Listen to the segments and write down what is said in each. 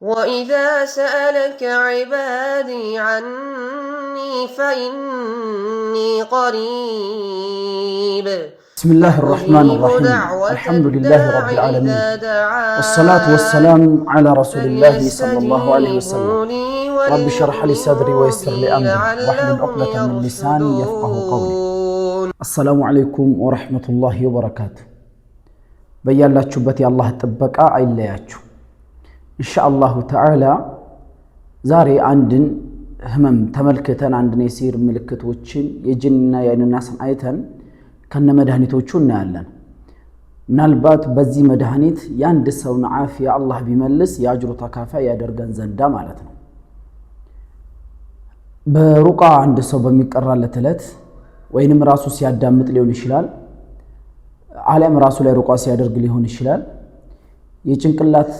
وإذا سألك عبادي عني فإني قريب بسم الله الرحمن الرحيم الحمد لله رب العالمين والصلاة والسلام على رسول الله صلى الله عليه وسلم رب اشرح لي صدري ويسر لي أمري واحلل عقدة من لساني يفقه قولي السلام عليكم ورحمة الله وبركاته بيان لا تشبتي الله تبكى أي لا يتشو እንሻ አላሁ ተዓላ ዛሬ አንድን ህመም ተመልክተን አንድን የሲህር ምልክቶችን የጅንና የአይንናስን አይተን ከነ መድኃኒቶቹ እናያለን። ምናልባት በዚህ መድኃኒት የአንድ ሰውን ዓፊያ አላህ ቢመልስ የአጅሩ ተካፋይ ያደርገን ዘንዳ ማለት ነው። በሩቃ አንድ ሰው በሚቀራለት ዕለት ወይንም ራሱ ሲያዳምጥ ሊሆን ይችላል፣ አሊያም ራሱ ላይ ሩቃ ሲያደርግ ሊሆን ይችላል የጭንቅላት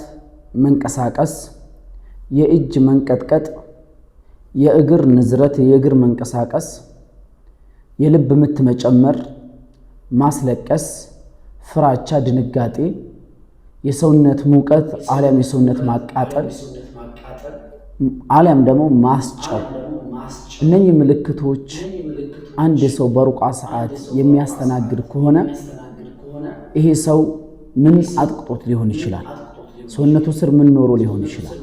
መንቀሳቀስ፣ የእጅ መንቀጥቀጥ፣ የእግር ንዝረት፣ የእግር መንቀሳቀስ፣ የልብ ምት መጨመር፣ ማስለቀስ፣ ፍራቻ፣ ድንጋጤ፣ የሰውነት ሙቀት አሊያም የሰውነት ማቃጠል አሊያም ደግሞ ማስጨው። እነኚህ ምልክቶች አንድ ሰው በሩቃ ሰዓት የሚያስተናግድ ከሆነ ይሄ ሰው ምን አጥቅጦት ሊሆን ይችላል? ሰውነቱ ስር ምን ኖሮ ሊሆን ይችላል?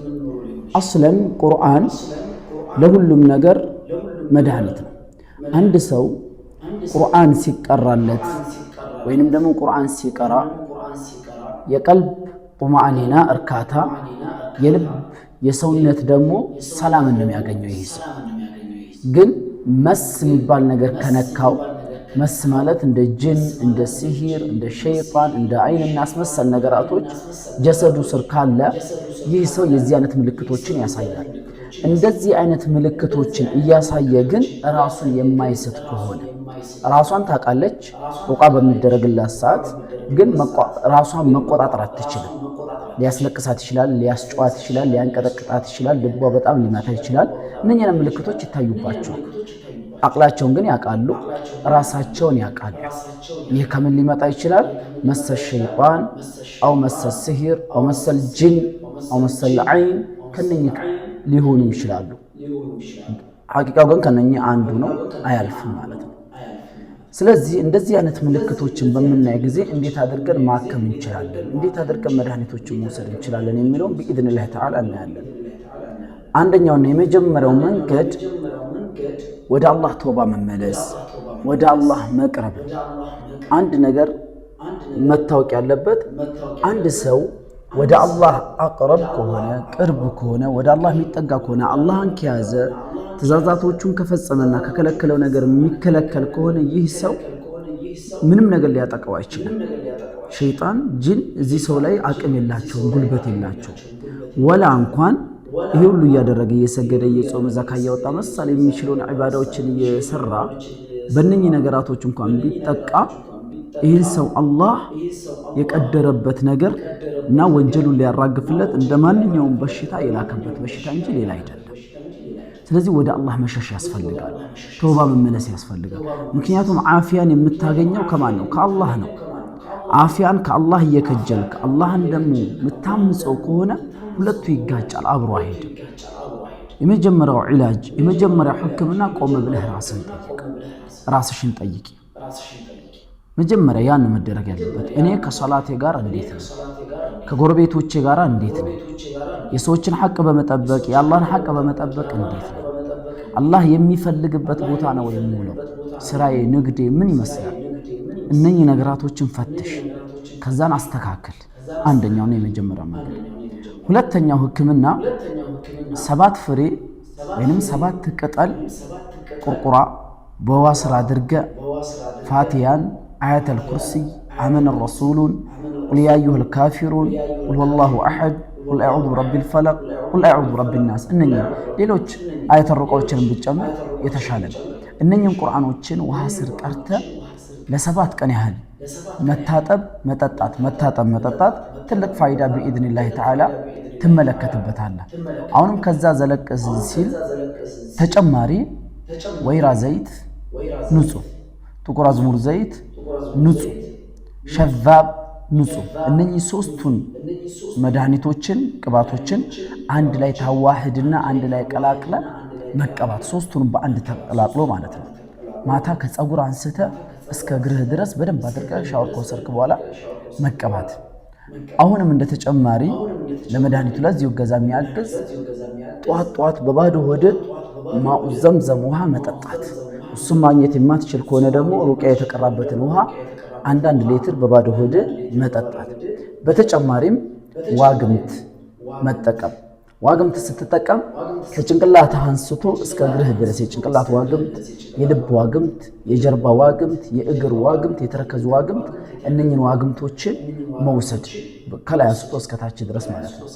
አስለን ቁርአን ለሁሉም ነገር መድኃኒት ነው። አንድ ሰው ቁርአን ሲቀራለት ወይንም ደግሞ ቁርአን ሲቀራ የቀልብ ጡማዕኒና እርካታ፣ የልብ የሰውነት ደግሞ ሰላምን ነው የሚያገኘው። ይህ ሰው ግን መስ የሚባል ነገር ከነካው መስ ማለት እንደ ጅን፣ እንደ ሲሂር፣ እንደ ሸይጣን፣ እንደ አይን የሚያስመሰል ነገራቶች ጀሰዱ ስር ካለ ይህ ሰው የዚህ አይነት ምልክቶችን ያሳያል። እንደዚህ አይነት ምልክቶችን እያሳየ ግን ራሱን የማይስት ከሆነ ራሷን ታውቃለች፣ ውቃ በሚደረግላት ሰዓት ግን ራሷን መቆጣጠር አትችልም። ሊያስለቅሳት ይችላል፣ ሊያስጨዋት ይችላል፣ ሊያንቀጠቅጣት ይችላል፣ ልቧ በጣም ሊመታ ይችላል። እነኛን ምልክቶች ይታዩባቸዋል። አቅላቸውን ግን ያውቃሉ፣ ራሳቸውን ያውቃሉ። ይህ ከምን ሊመጣ ይችላል? መሰ ሸይጣን አው መሰ ስሂር አው መሰል ጅን አው መሰል ዓይን ከነኚህ ሊሆኑ ይችላሉ። ሐቂቃው ግን ከነኚህ አንዱ ነው፣ አያልፍም ማለት ነው። ስለዚህ እንደዚህ አይነት ምልክቶችን በምናይ ጊዜ እንዴት አድርገን ማከም እንችላለን፣ እንዴት አድርገን መድኃኒቶችን መውሰድ እንችላለን የሚለውን ብኢድንላህ ተዓላ እናያለን። አንደኛውና የመጀመሪያው መንገድ ወደ አላህ ቶባ መመለስ፣ ወደ አላህ መቅረብ። አንድ ነገር መታወቅ ያለበት አንድ ሰው ወደ አላህ አቅረብ ከሆነ ቅርብ ከሆነ ወደ አላህ የሚጠጋ ከሆነ አላህን ከያዘ ትእዛዛቶቹን ከፈጸመና ከከለከለው ነገር የሚከለከል ከሆነ ይህ ሰው ምንም ነገር ሊያጠቀው አይችልም። ሸይጣን፣ ጅን እዚህ ሰው ላይ አቅም የላቸውም፣ ጉልበት የላቸው ወላ እንኳን ይሄ ሁሉ እያደረገ እየሰገደ እየጾመ ዘካ እያወጣ መሳል የሚችለውን ዒባዳዎችን እየሰራ በእነኚህ ነገራቶች እንኳን ቢጠቃ ይህን ሰው አላህ የቀደረበት ነገር እና ወንጀሉን ሊያራግፍለት እንደ ማንኛውም በሽታ የላከበት በሽታ እንጂ ሌላ አይደለም። ስለዚህ ወደ አላህ መሸሽ ያስፈልጋል። ተውባ መመለስ ያስፈልጋል። ምክንያቱም ዓፊያን የምታገኘው ከማን ነው? ከአላህ ነው። ዓፊያን ከአላህ እየከጀልክ አላህን ደግሞ የምታምፀው ከሆነ ሁለቱ ይጋጫል፣ አብሮ አይሄድም። የመጀመሪያው ዒላጅ የመጀመሪያው ሕክምና ቆመ ብለህ ራስን ጠይቅ፣ ራስሽን ጠይቂ። መጀመሪያ ያን መደረግ ያለበት እኔ ከሰላቴ ጋር እንዴት ነው? ከጎረቤቶቼ ጋር እንዴት ነው? የሰዎችን ሐቅ በመጠበቅ የአላህን ሐቅ በመጠበቅ እንዴት ነው? አላህ የሚፈልግበት ቦታ ነው የሚውለው? ስራዬ፣ ንግዴ ምን ይመስላል? እነኚህ ነገራቶችን ፈትሽ፣ ከዛን አስተካክል። አንደኛውና የመጀመሪያው መንገድ ሁለተኛው ህክምና ሰባት ፍሬ ወይንም ሰባት ቅጠል ቁርቁራ በውሃ ስር አድርገ ፋቲያን፣ አያተል ኩርሲ አመነ ረሱሉን፣ ቁልያዩህ ልካፊሩን፣ ቁልወላሁ አሐድ፣ ቁል አዑዙ ብረቢ ልፈለቅ፣ ቁል አዑዙ ብረቢ ናስ እነኝ ሌሎች አያተርቆዎችንም ብጨምር የተሻለ ነው። እነኝም ቁርአኖችን ውሃ ስር ጠርተ ለሰባት ቀን ያህል መታጠብ መጠጣት መታጠብ መጠጣት ትልቅ ፋይዳ ቢኢድኒላህ ተዓላ ትመለከትበታለህ። አሁንም ከዛ ዘለቅ ሲል ተጨማሪ ወይራ ዘይት ንጹህ፣ ጥቁር አዝሙር ዘይት ንጹህ፣ ሸዛብ ንጹህ። እነኚህ ሶስቱን መድኃኒቶችን ቅባቶችን አንድ ላይ ታዋህድና አንድ ላይ ቀላቅለ መቀባት ሶስቱን በአንድ ተቀላቅሎ ማለት ነው። ማታ ከፀጉር አንስተ እስከ እግርህ ድረስ በደንብ አድርገህ ሻወር ከወሰድክ በኋላ መቀባት። አሁንም እንደ ተጨማሪ ለመድኃኒቱ ለዚህ እገዛ የሚያግዝ ጠዋት ጠዋት በባዶ ሆድ ማኡ ዘምዘም ውሃ መጠጣት። እሱም ማግኘት የማትችል ከሆነ ደግሞ ሩቅያ የተቀራበትን ውሃ አንዳንድ ሌትር በባዶ ሆድ መጠጣት። በተጨማሪም ዋግምት መጠቀም ዋግምት ስትጠቀም ከጭንቅላት አንስቶ እስከ እግርህ ድረስ የጭንቅላት ዋግምት፣ የልብ ዋግምት፣ የጀርባ ዋግምት፣ የእግር ዋግምት፣ የተረከዙ ዋግምት እነኝን ዋግምቶችን መውሰድ ከላይ አንስቶ እስከታች ድረስ ማለት ነው።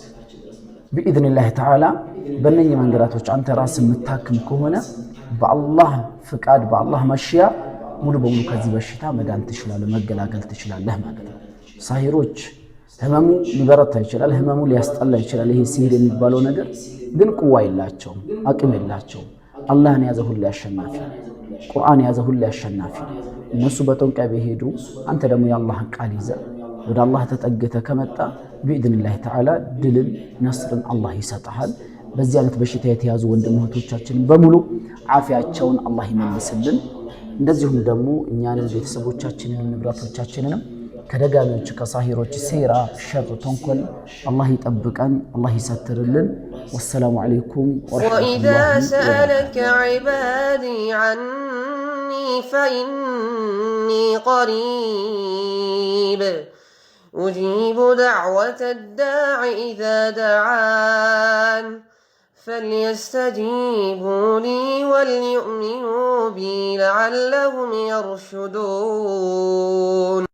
ቢኢዝኒላህ ተዓላ በእነኝ መንገዳቶች አንተ ራስ የምታክም ከሆነ በአላህ ፍቃድ በአላህ መሽያ ሙሉ በሙሉ ከዚህ በሽታ መዳን ትችላለህ፣ መገላገል ትችላለህ ማለት ነው። ሳሂሮች ህመሙ ሊበረታ ይችላል። ህመሙ ሊያስጠላ ይችላል። ይሄ ሲሄድ የሚባለው ነገር ግን ቁዋ የላቸውም፣ አቅም የላቸውም። አላህን ያዘ ሁሉ አሸናፊ፣ ቁርአን ያዘ ሁሉ አሸናፊ። እነሱ በጠንቋይ በሄዱ አንተ ደግሞ የአላህን ቃል ይዘ ወደ አላህ ተጠግተ ከመጣ ቢኢድንላህ ተዓላ ድልን ነስርን አላህ ይሰጠሃል። በዚህ አይነት በሽታ የተያዙ ወንድም እህቶቻችን በሙሉ አፊያቸውን አላህ ይመልስልን። እንደዚሁም ደግሞ እኛንም ቤተሰቦቻችንንም ንብረቶቻችንንም ከደጋሚዎች ከሳሂሮች ሴራ፣ ሸር፣ ተንኮል አላህ ይጠብቀን፣ አላህ ይሰትርልን። ወሰላሙ አለይኩም ወኢዛ ሰአለከ ዒባዲ ዐኒ ፈኢኒ ቀሪብ أجيب دعوة الداع إذا دعان فليستجيبوا لي وليؤمنوا بي لعلهم يرشدون